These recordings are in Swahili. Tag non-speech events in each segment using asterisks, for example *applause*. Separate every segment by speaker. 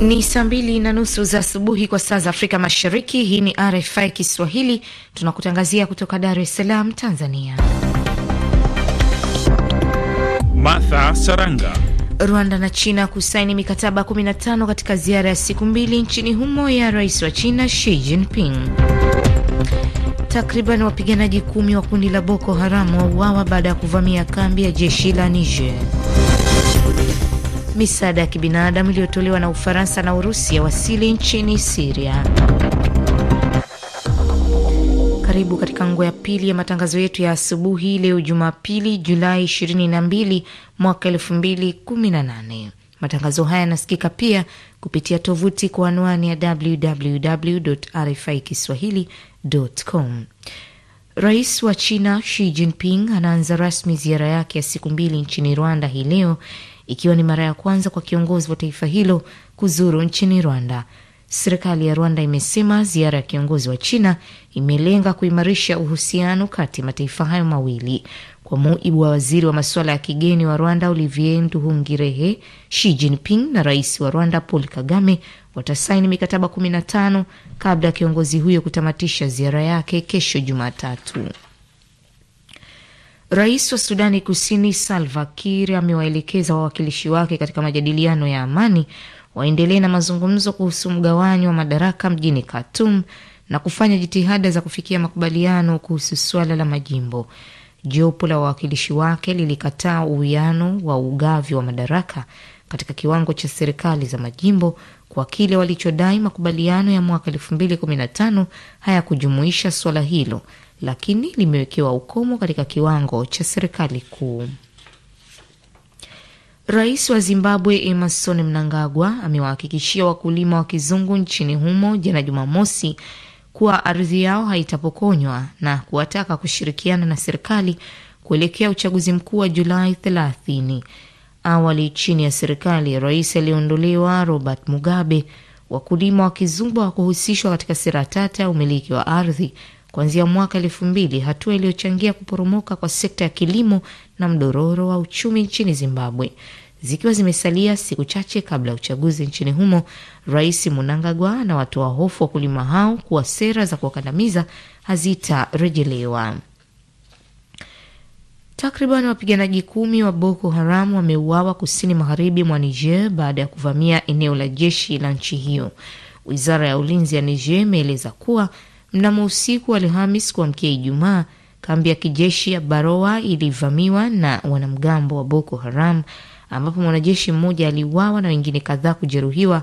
Speaker 1: Ni saa mbili na nusu za asubuhi kwa saa za Afrika Mashariki. Hii ni RFI Kiswahili, tunakutangazia kutoka Dar es Salaam, Tanzania.
Speaker 2: Martha Saranga.
Speaker 1: Rwanda na China kusaini mikataba 15 katika ziara ya siku mbili nchini humo ya rais wa China Xi Jinping. Takriban wapiganaji kumi wa kundi la Boko Haramu wauawa baada ya kuvamia kambi ya jeshi la Niger misaada ya kibinadamu iliyotolewa na Ufaransa na Urusi ya wasili nchini Siria. Karibu katika ngo ya pili ya matangazo yetu ya asubuhi leo Jumapili, Julai 22 mwaka 2018. Matangazo haya yanasikika pia kupitia tovuti kwa anwani ya www RFI kiswahili com Rais wa China Xi Jinping anaanza rasmi ziara yake ya siku mbili nchini Rwanda hii leo, ikiwa ni mara ya kwanza kwa kiongozi wa taifa hilo kuzuru nchini Rwanda. Serikali ya Rwanda imesema ziara ya kiongozi wa China imelenga kuimarisha uhusiano kati ya mataifa hayo mawili. Kwa mujibu wa waziri wa masuala ya kigeni wa Rwanda Olivier Nduhungirehe, Xi Jinping na rais wa Rwanda Paul Kagame watasaini mikataba 15 kabla ya kiongozi huyo kutamatisha ziara yake kesho Jumatatu. Rais wa Sudani Kusini Salva Kiir amewaelekeza wawakilishi wake katika majadiliano ya amani waendelee na mazungumzo kuhusu mgawanyo wa madaraka mjini Khartoum na kufanya jitihada za kufikia makubaliano kuhusu suala la majimbo. Jopo la wawakilishi wake lilikataa uwiano wa ugavi wa madaraka katika kiwango cha serikali za majimbo kwa kile walichodai makubaliano ya mwaka 2015 hayakujumuisha suala hilo, lakini limewekewa ukomo katika kiwango cha serikali kuu. Rais wa Zimbabwe Emerson Mnangagwa amewahakikishia wakulima wa kizungu nchini humo jana Jumamosi kuwa ardhi yao haitapokonywa na kuwataka kushirikiana na serikali kuelekea uchaguzi mkuu wa Julai 30. Awali, chini ya serikali ya rais aliyeondolewa Robert Mugabe, wakulima wakizumbwa wa kuhusishwa katika sera tata ya umiliki wa ardhi kuanzia mwaka elfu mbili, hatua iliyochangia kuporomoka kwa sekta ya kilimo na mdororo wa uchumi nchini Zimbabwe, zikiwa zimesalia siku chache kabla ya uchaguzi nchini humo Rais Mnangagwa na watoa hofu wakulima hao kuwa sera za kuwakandamiza hazitarejelewa. Takriban wapiganaji kumi wa Boko Haram wameuawa kusini magharibi mwa Niger baada ya kuvamia eneo la jeshi la nchi hiyo. Wizara ya ulinzi ya Niger imeeleza kuwa mnamo usiku wa Alhamis kuamkia Ijumaa, kambi ya kijeshi ya Baroa ilivamiwa na wanamgambo wa Boko Haram ambapo mwanajeshi mmoja aliuawa na wengine kadhaa kujeruhiwa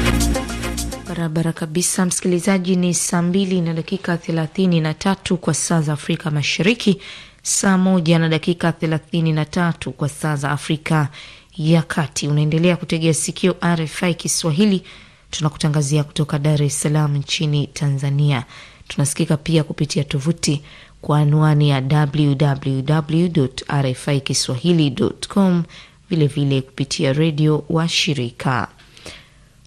Speaker 1: Barabara kabisa, msikilizaji. Ni saa mbili na dakika thelathini na tatu kwa saa za Afrika Mashariki, saa moja na dakika thelathini na tatu kwa saa za Afrika ya Kati. Unaendelea kutegea sikio RFI Kiswahili, tunakutangazia kutoka Dar es Salaam nchini Tanzania. Tunasikika pia kupitia tovuti kwa anwani ya www rfi kiswahili com, vilevile kupitia redio wa shirika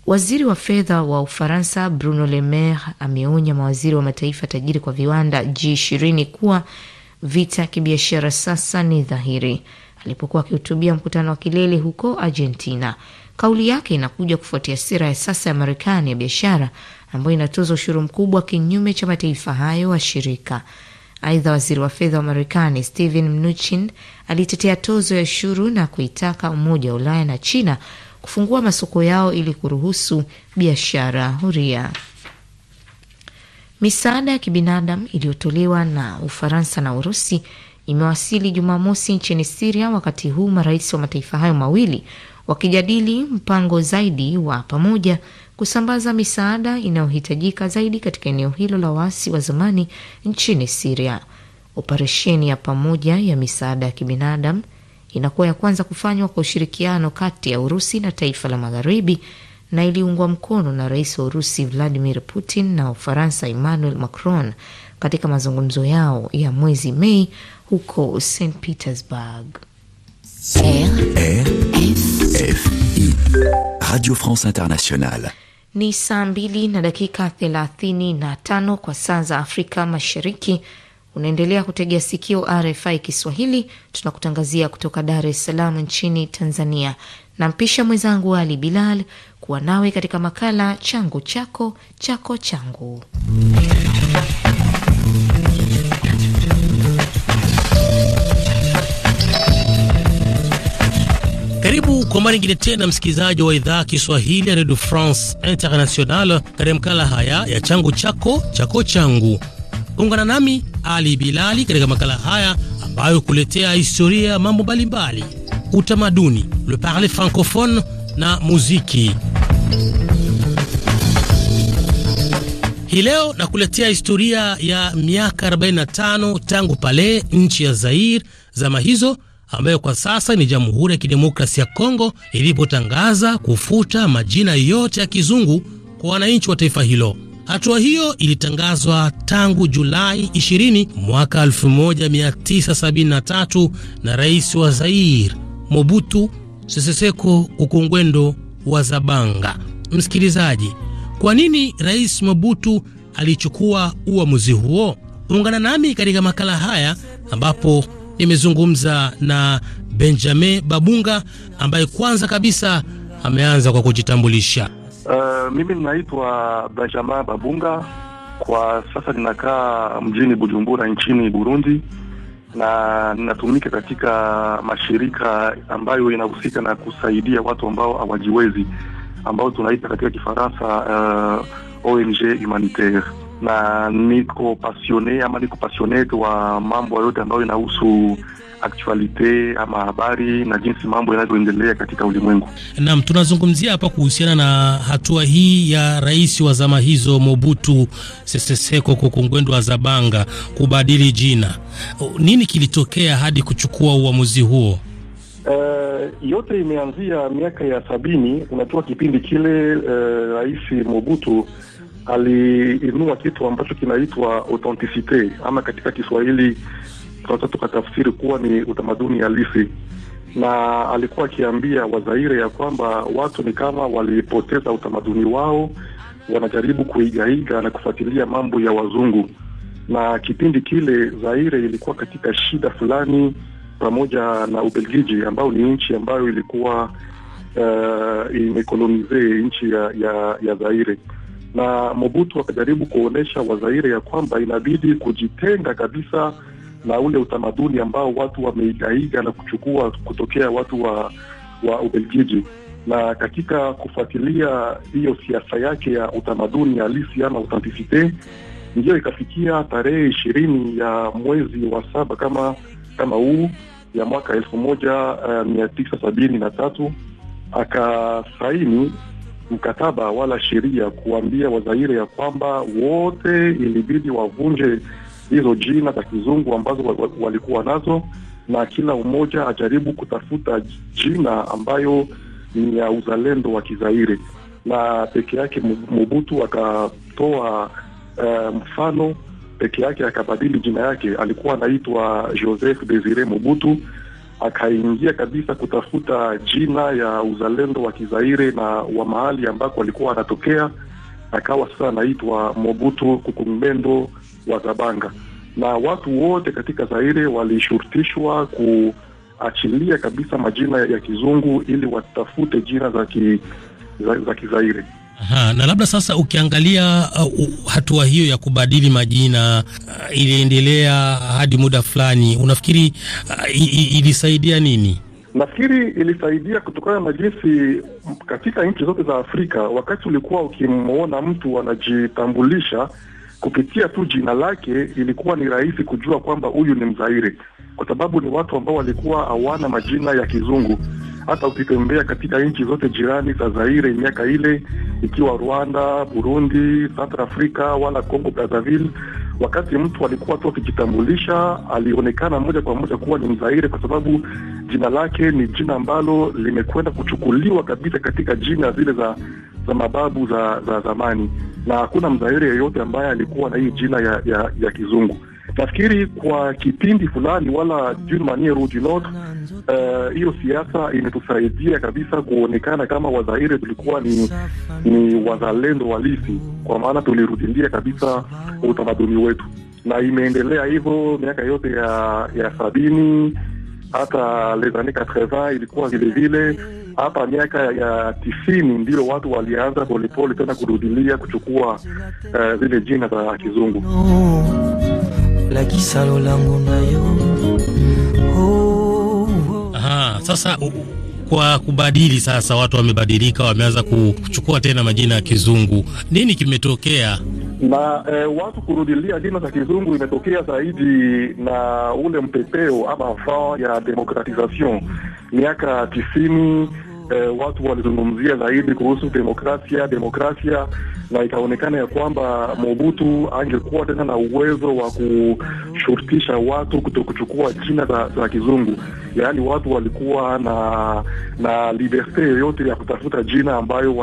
Speaker 1: Waziri wa fedha wa Ufaransa Bruno Le Maire ameonya mawaziri wa mataifa tajiri kwa viwanda G20 kuwa vita ya kibiashara sasa ni dhahiri, alipokuwa akihutubia mkutano wa kilele huko Argentina. Kauli yake inakuja kufuatia sera ya sasa ya Marekani ya biashara ambayo inatoza ushuru mkubwa kinyume cha mataifa hayo washirika. Aidha, waziri wa fedha wa Marekani Steven Mnuchin alitetea tozo ya ushuru na kuitaka Umoja wa Ulaya na China kufungua masoko yao ili kuruhusu biashara huria. Misaada ya kibinadamu iliyotolewa na Ufaransa na Urusi imewasili Jumamosi nchini Siria, wakati huu marais wa mataifa hayo mawili wakijadili mpango zaidi wa pamoja kusambaza misaada inayohitajika zaidi katika eneo hilo la waasi wa zamani nchini Siria. Operesheni ya pamoja ya misaada ya kibinadamu inakuwa ya kwanza kufanywa kwa ushirikiano kati ya Urusi na taifa la Magharibi na iliungwa mkono na rais wa Urusi Vladimir Putin na Ufaransa Emmanuel Macron katika mazungumzo yao ya mwezi Mei huko St Petersburg.
Speaker 2: RFI Radio France
Speaker 1: Internationale. Ni saa mbili na dakika 35 kwa saa za Afrika Mashariki, Unaendelea kutegea sikio RFI Kiswahili, tunakutangazia kutoka Dar es Salaam nchini Tanzania. Nampisha mwenzangu Ali Bilal kuwa nawe katika makala changu chako chako changu.
Speaker 3: Karibu kwa mara nyingine tena msikilizaji wa idhaa Kiswahili ya redio France International katika makala haya ya changu chako chako changu. Ungana nami ali Bilali katika makala haya ambayo kuletea historia ya mambo mbalimbali, utamaduni, le parler francophone na muziki. Hii leo nakuletea historia ya miaka 45 tangu pale nchi ya Zair, zama hizo ambayo kwa sasa ni Jamhuri ya Kidemokrasi ya Kongo ilipotangaza kufuta majina yote ya kizungu kwa wananchi wa taifa hilo. Hatua hiyo ilitangazwa tangu Julai 20 mwaka 1973 na rais wa Zaire Mobutu Seseseko Ukungwendo wa Zabanga. Msikilizaji, kwa nini Rais Mobutu alichukua uamuzi huo? Ungana nami katika makala haya ambapo nimezungumza na Benjamin Babunga ambaye kwanza kabisa ameanza kwa kujitambulisha.
Speaker 4: Uh, mimi ninaitwa Benjamin Babunga, kwa sasa ninakaa mjini Bujumbura nchini Burundi na ninatumika katika mashirika ambayo inahusika na kusaidia watu ambao hawajiwezi ambao tunaita katika Kifaransa uh, ONG humanitaire, na niko passionné ama niko passionné wa mambo yote ambayo inahusu aktualite ama habari na jinsi mambo yanavyoendelea katika ulimwengu.
Speaker 3: Naam, tunazungumzia hapa kuhusiana na hatua hii ya rais wa zama hizo Mobutu Sese Seko Kokongwendo Zabanga kubadili jina. Nini kilitokea hadi kuchukua uamuzi huo?
Speaker 4: Uh, yote imeanzia miaka ya sabini. Unajua kipindi kile uh, rais Mobutu aliinua kitu ambacho kinaitwa authenticite ama katika Kiswahili tunaweza tukatafsiri kuwa ni utamaduni halisi, na alikuwa akiambia Wazaire ya kwamba watu ni kama walipoteza utamaduni wao, wanajaribu kuigaiga na kufuatilia mambo ya wazungu. Na kipindi kile Zaire ilikuwa katika shida fulani pamoja na Ubelgiji ambao ni nchi ambayo ilikuwa uh, imekolonize nchi ya, ya, ya Zaire na Mobutu akajaribu kuonyesha Wazaire ya kwamba inabidi kujitenga kabisa na ule utamaduni ambao watu wameigaiga na kuchukua kutokea watu wa, wa Ubelgiji na katika kufuatilia hiyo siasa yake ya utamaduni halisi ama authenticite, ndiyo ikafikia tarehe ishirini ya mwezi wa saba kama kama huu ya mwaka elfu moja uh, mia tisa sabini na tatu akasaini mkataba wala sheria kuambia Wazaire ya kwamba wote ilibidi wavunje hizo jina za kizungu ambazo walikuwa nazo, na kila mmoja ajaribu kutafuta jina ambayo ni ya uzalendo wa Kizairi, na peke yake Mobutu akatoa uh, mfano peke yake akabadili jina yake, alikuwa anaitwa Joseph Desire Mobutu, akaingia kabisa kutafuta jina ya uzalendo wa Kizaire na wa mahali ambako alikuwa anatokea, akawa sasa anaitwa Mobutu Kukumbendo wa Zabanga, na watu wote katika Zaire walishurutishwa kuachilia kabisa majina ya kizungu ili watafute jina za ki, za, za Kizaire.
Speaker 3: Aha, na labda sasa ukiangalia uh, hatua hiyo ya kubadili majina uh, iliendelea hadi muda fulani, unafikiri uh, ilisaidia nini?
Speaker 4: Nafikiri ilisaidia kutokana na jinsi katika nchi zote za Afrika, wakati ulikuwa ukimwona mtu anajitambulisha kupitia tu jina lake ilikuwa ni rahisi kujua kwamba huyu ni Mzaire, kwa sababu ni watu ambao walikuwa hawana majina ya kizungu. Hata ukitembea katika nchi zote jirani za Zaire miaka ile, ikiwa Rwanda, Burundi, South Africa wala Congo Brazzaville, wakati mtu alikuwa tu akijitambulisha, alionekana moja kwa moja kuwa ni Mzaire kwa sababu jina lake ni jina ambalo limekwenda kuchukuliwa kabisa katika jina zile za za mababu za, za zamani, na hakuna mzairi yeyote ambaye alikuwa na hii jina ya, ya, ya kizungu. Nafikiri kwa kipindi fulani, wala eh, hiyo uh, siasa imetusaidia kabisa kuonekana kama wazaire tulikuwa ni, ni wazalendo walisi, kwa maana tulirudilia kabisa utamaduni wetu, na imeendelea hivyo miaka yote ya, ya sabini hata les années ilikuwa vile vile. Hapa miaka ya tisini ndio watu walianza polepole tena kurudilia kuchukua uh, zile jina za Kizungu la kisalo langu nayo.
Speaker 3: Aha, sasa kwa kubadili sasa, watu wamebadilika, wameanza kuchukua tena majina ya Kizungu. Nini kimetokea?
Speaker 4: na e, watu kurudilia dini za kizungu imetokea zaidi na ule mpepeo ama vao ya demokratization miaka tisini eh, mm. watu walizungumzia zaidi kuhusu demokrasia demokrasia, na ikaonekana ya kwamba Mobutu angekuwa tena na uwezo wa kushurutisha watu kuto kuchukua jina za, za kizungu, yaani watu walikuwa na na liberte yoyote ya kutafuta jina ambayo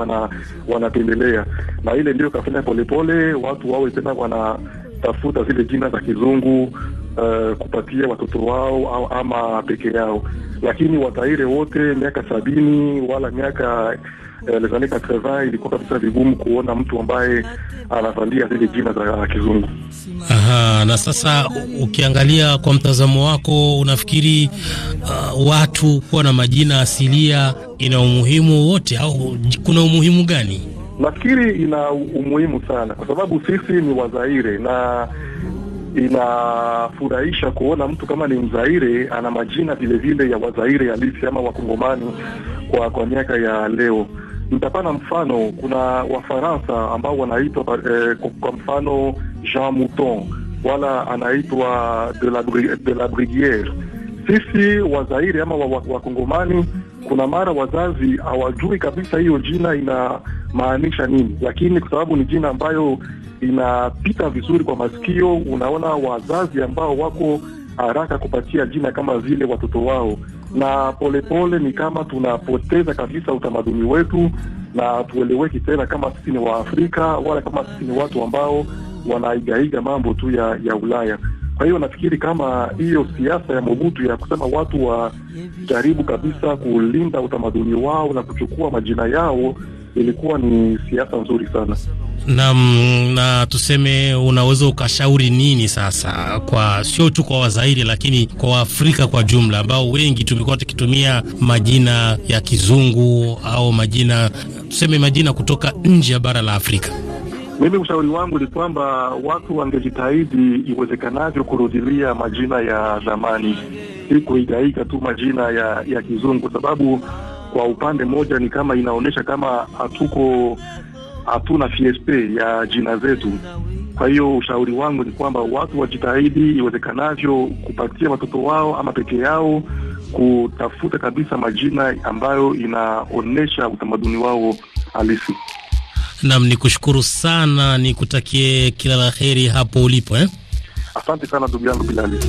Speaker 4: wanapendelea, wana na ile ndio ikafanya polepole watu wawe tena wana kutafuta zile jina za kizungu uh, kupatia watoto wao au ama peke yao, lakini wataire wote miaka sabini wala miaka eh, lezanika katreva ilikuwa kabisa vigumu kuona mtu ambaye anavalia zile jina za kizungu.
Speaker 3: Aha, na sasa ukiangalia kwa mtazamo wako, unafikiri uh, watu kuwa na majina asilia ina umuhimu wote au kuna umuhimu gani?
Speaker 4: Nafikiri ina umuhimu sana kwa sababu sisi ni Wazaire na inafurahisha kuona mtu kama ni Mzaire ana majina vile vile ya Wazaire halisi ama Wakongomani kwa kwa miaka ya leo. Nitapana mfano, kuna Wafaransa ambao wanaitwa eh, kwa mfano Jean Mouton wala anaitwa de la, de la Brigiere. Sisi Wazaire ama Wakongomani wa, kuna mara wazazi hawajui kabisa hiyo jina inamaanisha nini, lakini kwa sababu ni jina ambayo inapita vizuri kwa masikio, unaona wazazi ambao wako haraka kupatia jina kama vile watoto wao, na polepole pole, ni kama tunapoteza kabisa utamaduni wetu na tueleweki tena kama sisi ni Waafrika wala kama sisi ni watu ambao wanaigaiga mambo tu ya, ya Ulaya. Kwa hiyo nafikiri kama hiyo siasa ya Mobutu ya kusema watu wajaribu kabisa kulinda utamaduni wao na kuchukua majina yao ilikuwa ni siasa nzuri
Speaker 3: sana. Naam, na tuseme, unaweza ukashauri nini sasa, kwa sio tu kwa Wazairi lakini kwa Waafrika kwa jumla, ambao wengi tumekuwa tukitumia majina ya kizungu au majina tuseme, majina kutoka nje ya bara la Afrika?
Speaker 4: Mimi ushauri wangu ni kwamba watu wangejitahidi iwezekanavyo kurudilia majina ya zamani, si kuigaiga tu majina ya, ya kizungu, kwa sababu kwa upande mmoja ni kama inaonyesha kama hatuko hatuna FSP ya jina zetu. Kwa hiyo ushauri wangu ni kwamba watu wajitahidi iwezekanavyo kupatia watoto wao ama peke yao kutafuta kabisa majina ambayo inaonyesha utamaduni wao halisi.
Speaker 3: Nam, ni kushukuru sana, nikutakie kila la heri hapo ulipo eh?
Speaker 4: Asante sana ndugu yangu Bilali.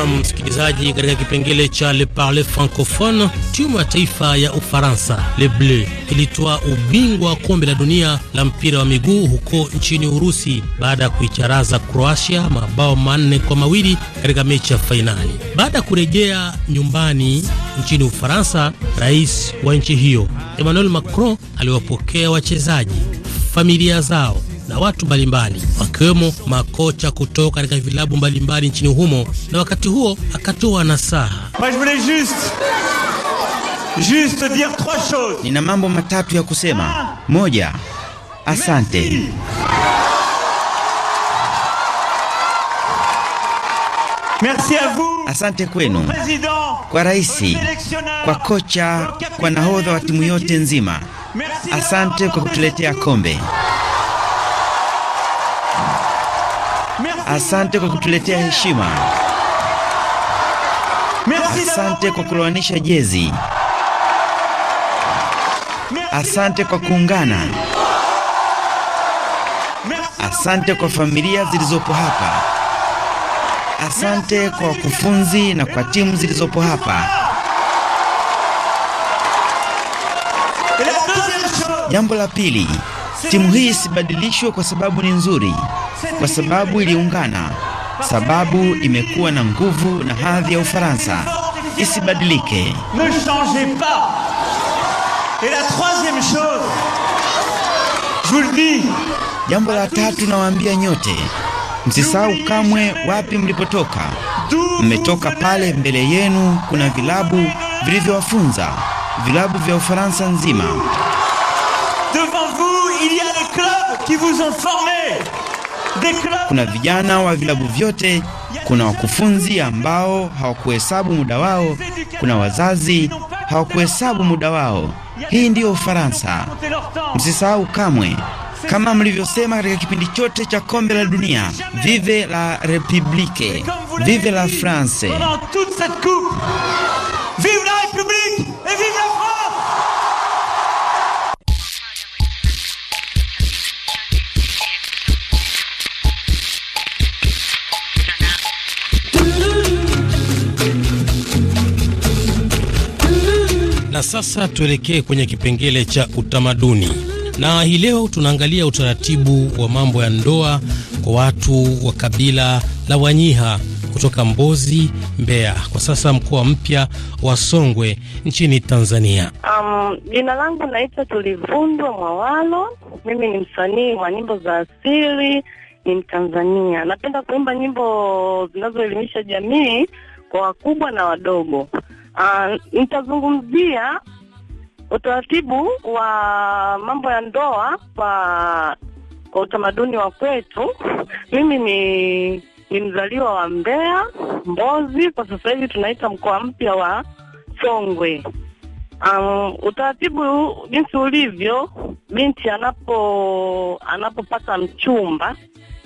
Speaker 3: na msikilizaji, katika kipengele cha Le Parle Francophone, timu ya taifa ya Ufaransa Le Bleu ilitoa ubingwa wa kombe la dunia la mpira wa miguu huko nchini Urusi baada ya kuicharaza croatia mabao manne kwa mawili katika mechi ya fainali. Baada ya kurejea nyumbani nchini Ufaransa, rais wa nchi hiyo Emmanuel Macron aliwapokea wachezaji, familia zao na watu mbalimbali wakiwemo makocha kutoka katika vilabu mbalimbali nchini humo, na wakati huo akatoa nasaha. Nina mambo matatu ya kusema.
Speaker 2: Moja, asante. Merci à vous. Asante kwenu kwa raisi, kwa kocha, kwa nahodha wa timu yote nzima. Asante kwa kutuletea kombe. Asante kwa kutuletea heshima, asante kwa kulowanisha jezi, asante kwa kuungana, asante kwa familia zilizopo hapa, asante kwa wakufunzi na kwa timu zilizopo hapa. Jambo la pili, timu hii isibadilishwe kwa sababu ni nzuri kwa sababu iliungana, sababu imekuwa na nguvu na hadhi ya Ufaransa isibadilike. Jambo la tatu nawaambia nyote, msisahau kamwe wapi mlipotoka. Mmetoka pale, mbele yenu kuna vilabu vilivyowafunza, vilabu vya Ufaransa nzima. Devant vous il y a les clubs qui vous ont formé. Kuna vijana wa vilabu vyote, kuna wakufunzi ambao hawakuhesabu muda wao, kuna wazazi hawakuhesabu muda wao. Hii ndiyo Ufaransa. Msisahau kamwe, kama mlivyosema katika kipindi chote cha kombe la dunia, vive la republique, vive la France. Vive la République!
Speaker 3: Na sasa tuelekee kwenye kipengele cha utamaduni, na hii leo tunaangalia utaratibu wa mambo ya ndoa kwa watu wa kabila la Wanyiha kutoka Mbozi, Mbeya, kwa sasa mkoa mpya wa Songwe nchini Tanzania.
Speaker 5: Jina langu naitwa Tulivundwa Mwawalo. Mimi ni msanii wa nyimbo za asili, ni Mtanzania. Napenda kuimba nyimbo zinazoelimisha jamii kwa wakubwa na wadogo. Uh, nitazungumzia utaratibu wa mambo ya ndoa kwa kwa utamaduni wa kwetu. Mimi ni ni mzaliwa wa Mbeya Mbozi, kwa sasa hivi tunaita mkoa mpya wa Songwe. Um, utaratibu jinsi ulivyo, binti anapo anapopata mchumba,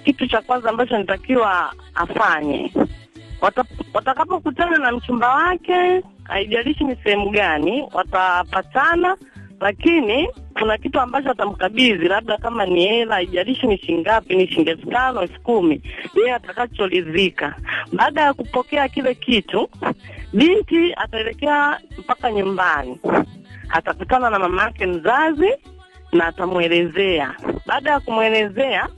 Speaker 5: kitu cha kwanza ambacho anatakiwa afanye watakapokutana na mchumba wake, haijalishi ni sehemu gani, watapatana, lakini kuna kitu ambacho atamkabidhi, labda kama ni hela, haijalishi ni shingapi ni shilingi elfu tano, elfu kumi, yeye atakachoridhika. Baada ya kupokea kile kitu, binti ataelekea mpaka nyumbani, atakutana na mama yake mzazi na atamwelezea. Baada ya kumwelezea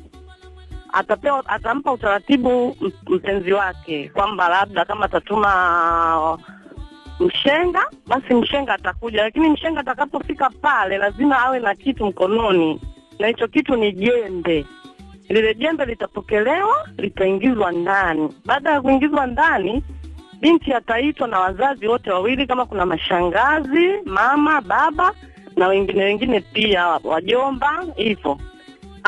Speaker 5: atapewa atampa utaratibu mpenzi wake kwamba labda kama atatuma mshenga basi mshenga atakuja, lakini mshenga atakapofika pale lazima awe na kitu mkononi, na hicho kitu ni jembe. Lile jembe litapokelewa, litaingizwa ndani. Baada ya kuingizwa ndani, binti ataitwa na wazazi wote wawili, kama kuna mashangazi, mama, baba na wengine wengine, pia wajomba, hivyo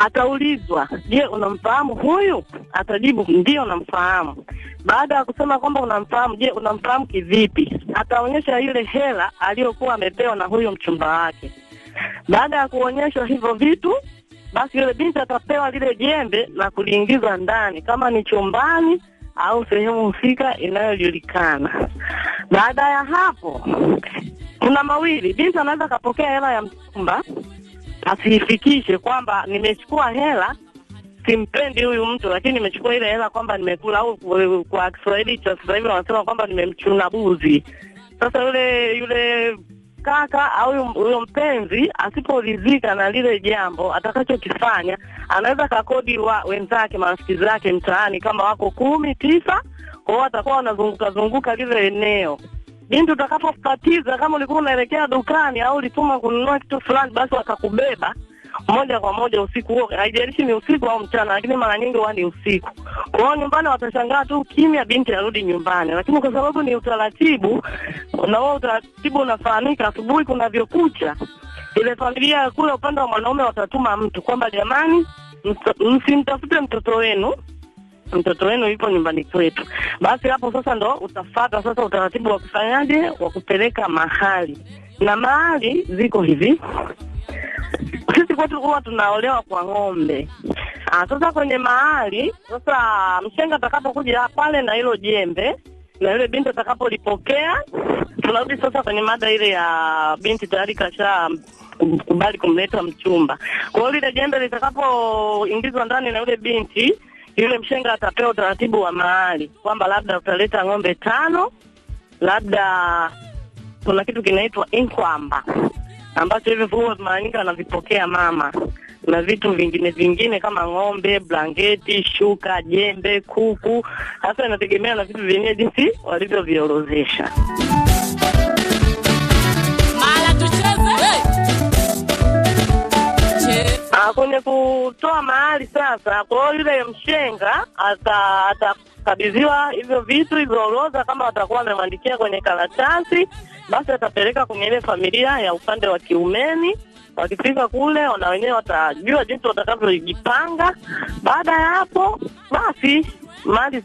Speaker 5: Ataulizwa, je, unamfahamu huyu? Atajibu ndiyo, namfahamu. Baada ya kusema kwamba unamfahamu, je, unamfahamu kivipi? Ataonyesha ile hela aliyokuwa amepewa na huyo mchumba wake. Baada ya kuonyeshwa hivyo vitu, basi yule binti atapewa lile jembe na kuliingiza ndani, kama ni chumbani au sehemu husika inayojulikana. Baada ya hapo, kuna mawili, binti anaweza akapokea hela ya mchumba asiifikishe kwamba nimechukua hela, simpendi huyu mtu, lakini nimechukua ile hela kwamba nimekula, au eh, kwa Kiswahili cha sasa hivi wanasema kwamba nimemchuna buzi. Sasa yule yule kaka au huyo mpenzi asiporidhika na lile jambo atakachokifanya, anaweza kakodi wa wenzake marafiki zake mtaani, kama wako kumi tisa kwao, watakuwa wanazunguka zunguka lile eneo Binti, utakapopatiza kama ulikuwa unaelekea dukani au ulituma kununua kitu fulani, basi wakakubeba moja kwa moja usiku huo, haijalishi ni usiku au mchana, lakini mara nyingi huwa ni usiku. Kwa hiyo nyumbani watashangaa tu kimya, binti arudi nyumbani, lakini kwa sababu ni utaratibu na huo utaratibu unafahamika, asubuhi kunavyokucha, ile familia kule upande wa mwanaume watatuma mtu kwamba jamani, msimtafute mtoto wenu mtoto wenu yupo nyumbani kwetu, basi hapo sasa ndo utafata sasa utaratibu wa kufanyaje, wa kupeleka mahali na mahali ziko hivi. Sisi kwetu huwa tunaolewa kwa ng'ombe. Ah, sasa kwenye mahali sasa, mshenga atakapokuja pale na hilo jembe na yule binti atakapolipokea, tunarudi sasa kwenye mada ile ya binti tayari kasha kubali kumleta mchumba. Kwa hiyo lile jembe litakapoingizwa ndani na yule binti yule mshenga atapewa utaratibu wa mahali kwamba labda utaleta ng'ombe tano, labda kuna kitu kinaitwa inkwamba ambacho hivyo huwa mara nyingi anavipokea mama na vitu vingine vingine kama ng'ombe, blanketi, shuka, jembe, kuku. Hasa inategemea na vitu vyenyewe jinsi walivyoviorozesha. kwenye kutoa mahali sasa. Kwa hiyo yule mshenga atakabidhiwa hivyo vitu hivyo orodha, kama watakuwa wamemwandikia kwenye karatasi, basi atapeleka kwenye ile familia ya upande wa kiumeni. Wakifika kule, wana wenyewe watajua jinsi watakavyojipanga. Baada ya hapo basi mali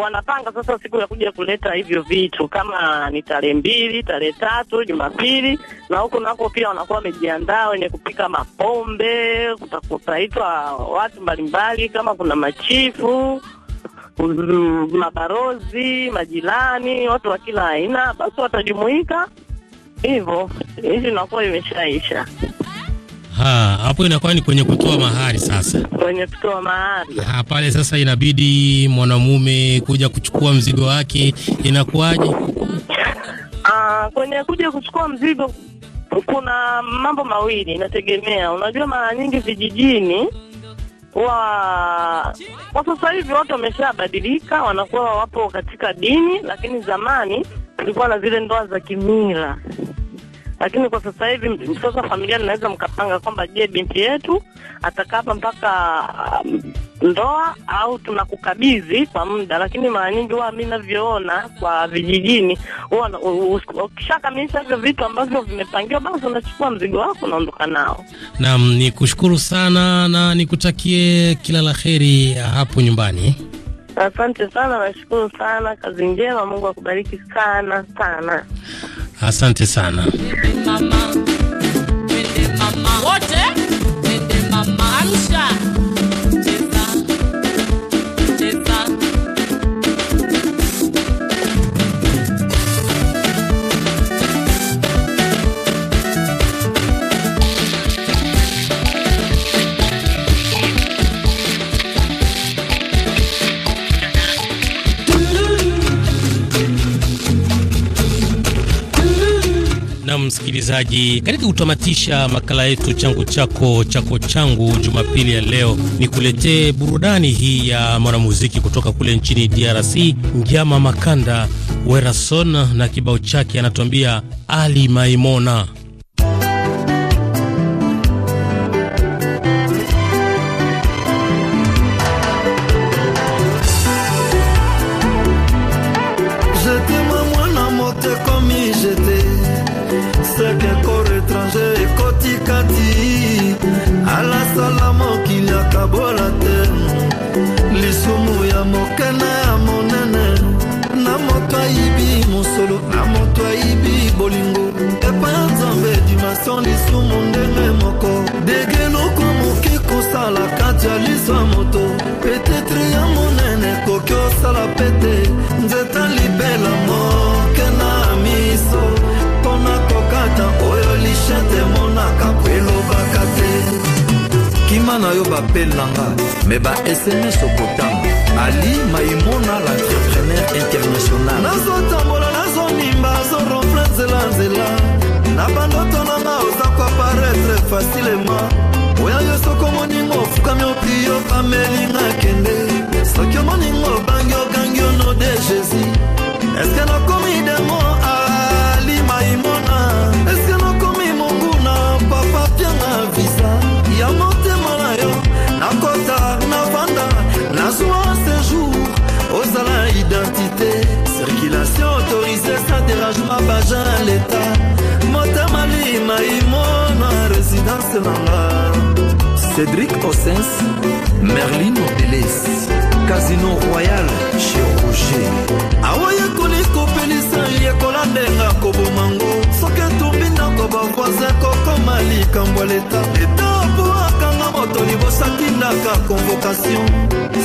Speaker 5: wanapanga sasa siku ya kuja kuleta hivyo vitu, kama ni tarehe mbili, tarehe tatu, Jumapili, na huko nako pia wanakuwa wamejiandaa, wenye kupika mapombe, kutaitwa watu mbalimbali, kama kuna machifu mabarozi majirani, watu wa kila aina, basi watajumuika hivyo. hivi inakuwa imeshaisha
Speaker 3: hapo inakuwa ni kwenye kutoa mahari sasa, kwenye kutoa mahari ha, pale sasa inabidi mwanamume kuja kuchukua mzigo wake, inakuwaje? *laughs*
Speaker 5: Ah, kwenye kuja kuchukua mzigo kuna mambo mawili, inategemea. Unajua, mara nyingi vijijini wa kwa sasa hivi watu wameshabadilika, wanakuwa wapo katika dini, lakini zamani kulikuwa na zile ndoa za kimila lakini kwa sasa hivi sasa familia linaweza mkapanga kwamba, je, binti yetu atakapa mpaka um, ndoa au tunakukabidhi kwa muda. Lakini mara nyingi huwa mi navyoona kwa vijijini, huwa ukishakamilisha hivyo vitu ambavyo vimepangiwa, basi unachukua mzigo wako unaondoka nao.
Speaker 3: Naam, ni kushukuru sana na nikutakie kila la heri hapo nyumbani.
Speaker 5: Asante sana, nashukuru sana, kazi njema, Mungu akubariki sana sana.
Speaker 3: Asante sana mama, msikilizaji, katika kutamatisha makala yetu changu chako chako changu Jumapili ya leo, ni kuletee burudani hii ya mwanamuziki kutoka kule nchini DRC, Njama Makanda Werason na kibao chake anatuambia Ali Maimona.
Speaker 6: bapelanga me ba sms okotanga ali maimona l'entrepreneur international nazotambola nazonimba azorofle nzela nzela na bandoto nanga oza koaparetre facilement artiste nanga cédric osens merlin obeles casino royal chez roger awoyekoli kopelisa ye kolandenga kobomango soki etumbi ndako bavoisin kokoma likambo leta etapo akanga moto libosakindaka convocation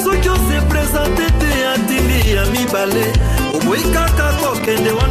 Speaker 6: soki ose prezante te atindi ya mibale oboyi kaka kokende wana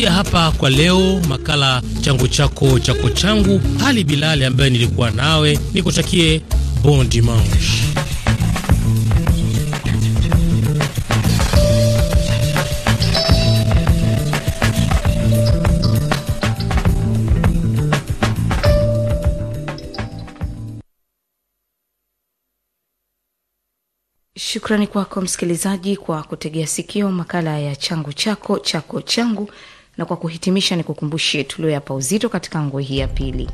Speaker 3: Tunaishia hapa kwa leo, makala changu chako chako changu. Hali Bilali ambaye nilikuwa nawe, nikutakie bon dimanche.
Speaker 1: Shukrani kwako msikilizaji kwa kutegea sikio makala ya changu chako chako changu na kwa kuhitimisha, ni kukumbushie tulioyapa uzito katika nguo hii ya pili.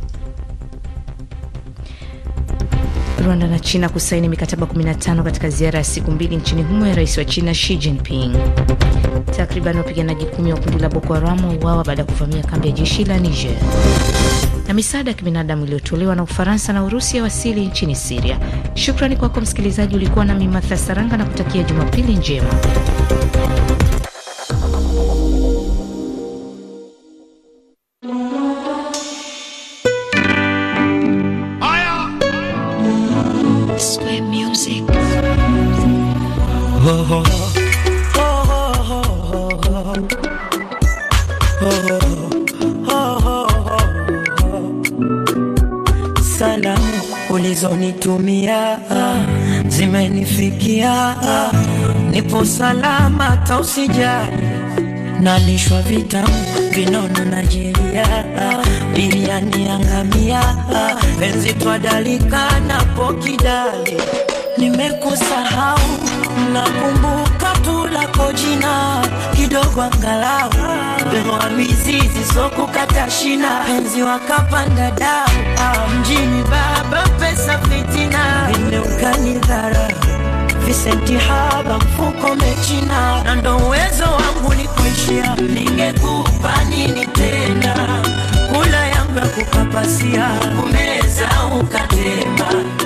Speaker 1: Rwanda na China kusaini mikataba 15 katika ziara ya siku mbili nchini humo ya rais wa China Xi Jinping. Takriban wapiganaji kumi wa kundi la Boko Haram wauawa baada ya kuvamia kambi ya jeshi la Niger. Na misaada ya kibinadamu iliyotolewa na Ufaransa na Urusi ya wasili nchini Siria. Shukrani kwako msikilizaji, ulikuwa na mimatha Saranga na kutakia Jumapili njema.
Speaker 7: ulizonitumia zimenifikia, nipo salama tausijali, nalishwa vitamu vinono najeria, biriani angamia penzi twadalika na pokidali, nimekusahau nakumbuka tu lako jina kidogo, angalau wa mizizi, so kukata shina, penzi wakapanda dau mjini, baba pesa fitina, imeukanyidhara visenti haba mfuko mechina, na ndo uwezo wangu ni kuishia, ningekupa nini tena? Kula yangu ya kukapasia, kumeza ukatema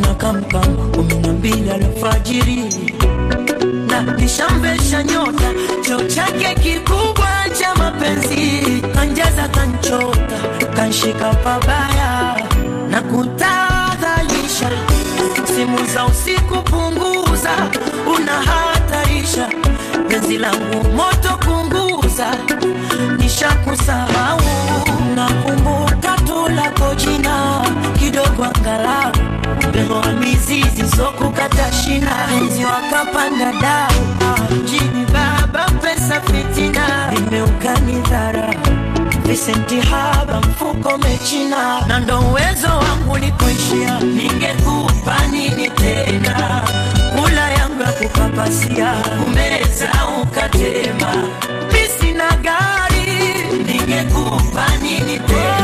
Speaker 7: na kamkam kumi na mbili alfajiri na kishamvesha nyota cho chake kikubwa cha mapenzi kanjaza kanchota kanshika pabaya na kutadhalisha simu za usiku punguza unahatarisha penzi langu moto kunguza nishakusahau nakumbu Fungu lako jina kidogo angalau, pepo wa mizizi so kukata shina, enzi wakapanda dau jini baba, pesa fitina, imeukani dhara visenti haba, mfuko mechina, na ndo uwezo wangu nikuishia, ningekupa nini tena? Kula yangu ya kukapasia, umeza ukatema, pisi na gari, ningekupa nini tena?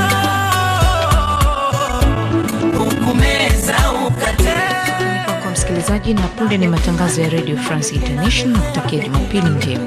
Speaker 1: mengine ya punde. Ni matangazo ya Radio France International, kutakia Jumapili njema.